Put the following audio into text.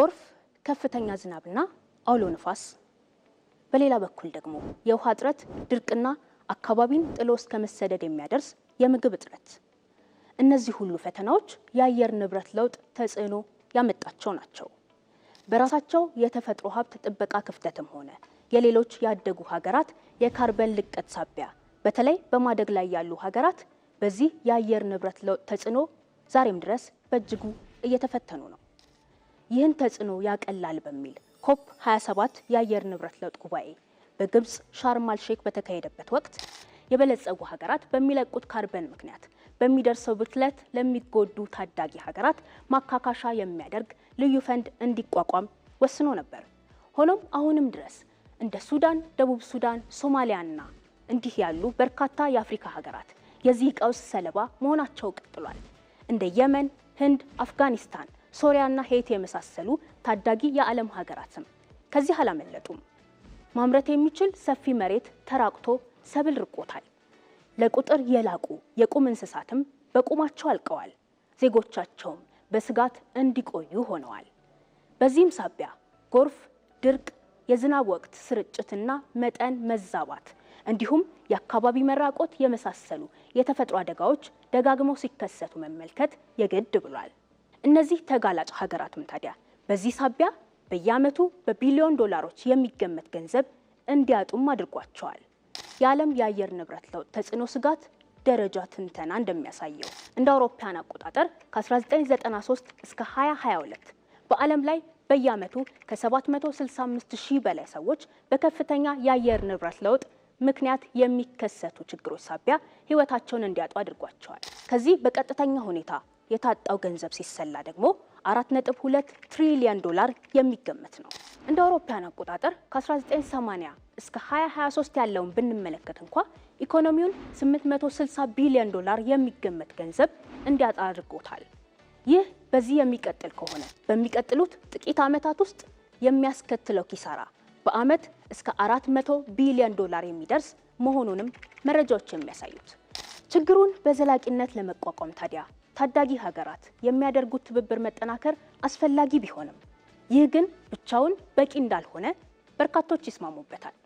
ጎርፍ፣ ከፍተኛ ዝናብና አውሎ ንፋስ፣ በሌላ በኩል ደግሞ የውሃ እጥረት፣ ድርቅና አካባቢን ጥሎ እስከ መሰደድ የሚያደርስ የምግብ እጥረት፣ እነዚህ ሁሉ ፈተናዎች የአየር ንብረት ለውጥ ተጽዕኖ ያመጣቸው ናቸው። በራሳቸው የተፈጥሮ ሀብት ጥበቃ ክፍተትም ሆነ የሌሎች ያደጉ ሀገራት የካርበን ልቀት ሳቢያ በተለይ በማደግ ላይ ያሉ ሀገራት በዚህ የአየር ንብረት ለውጥ ተጽዕኖ ዛሬም ድረስ በእጅጉ እየተፈተኑ ነው። ይህን ተጽዕኖ ያቀላል በሚል ኮፕ 27 የአየር ንብረት ለውጥ ጉባኤ በግብፅ ሻርማል ሼክ በተካሄደበት ወቅት የበለጸጉ ሀገራት በሚለቁት ካርበን ምክንያት በሚደርሰው ብክለት ለሚጎዱ ታዳጊ ሀገራት ማካካሻ የሚያደርግ ልዩ ፈንድ እንዲቋቋም ወስኖ ነበር። ሆኖም አሁንም ድረስ እንደ ሱዳን፣ ደቡብ ሱዳን፣ ሶማሊያና እንዲህ ያሉ በርካታ የአፍሪካ ሀገራት የዚህ ቀውስ ሰለባ መሆናቸው ቀጥሏል። እንደ የመን፣ ህንድ፣ አፍጋኒስታን ሶሪያና ሄይቲ የመሳሰሉ ታዳጊ የዓለም ሀገራትም ከዚህ አላመለጡም። ማምረት የሚችል ሰፊ መሬት ተራቅቶ ሰብል ርቆታል። ለቁጥር የላቁ የቁም እንስሳትም በቁማቸው አልቀዋል። ዜጎቻቸውም በስጋት እንዲቆዩ ሆነዋል። በዚህም ሳቢያ ጎርፍ፣ ድርቅ፣ የዝናብ ወቅት ስርጭትና መጠን መዛባት እንዲሁም የአካባቢ መራቆት የመሳሰሉ የተፈጥሮ አደጋዎች ደጋግመው ሲከሰቱ መመልከት የግድ ብሏል። እነዚህ ተጋላጭ ሀገራትም ታዲያ በዚህ ሳቢያ በየዓመቱ በቢሊዮን ዶላሮች የሚገመት ገንዘብ እንዲያጡም አድርጓቸዋል። የዓለም የአየር ንብረት ለውጥ ተጽዕኖ ስጋት ደረጃ ትንተና እንደሚያሳየው እንደ አውሮፓያን አቆጣጠር ከ1993 እስከ 2022 በዓለም ላይ በየዓመቱ ከ765 ሺህ በላይ ሰዎች በከፍተኛ የአየር ንብረት ለውጥ ምክንያት የሚከሰቱ ችግሮች ሳቢያ ሕይወታቸውን እንዲያጡ አድርጓቸዋል። ከዚህ በቀጥተኛ ሁኔታ የታጣው ገንዘብ ሲሰላ ደግሞ 4.2 ትሪሊዮን ዶላር የሚገመት ነው። እንደ አውሮፓውያን አቆጣጠር ከ1980 እስከ 2023 ያለውን ብንመለከት እንኳ ኢኮኖሚውን 860 ቢሊዮን ዶላር የሚገመት ገንዘብ እንዲያጣ አድርጎታል። ይህ በዚህ የሚቀጥል ከሆነ በሚቀጥሉት ጥቂት ዓመታት ውስጥ የሚያስከትለው ኪሳራ በዓመት እስከ 400 ቢሊዮን ዶላር የሚደርስ መሆኑንም መረጃዎች የሚያሳዩት ችግሩን በዘላቂነት ለመቋቋም ታዲያ ታዳጊ ሀገራት የሚያደርጉት ትብብር መጠናከር አስፈላጊ ቢሆንም ይህ ግን ብቻውን በቂ እንዳልሆነ በርካቶች ይስማሙበታል።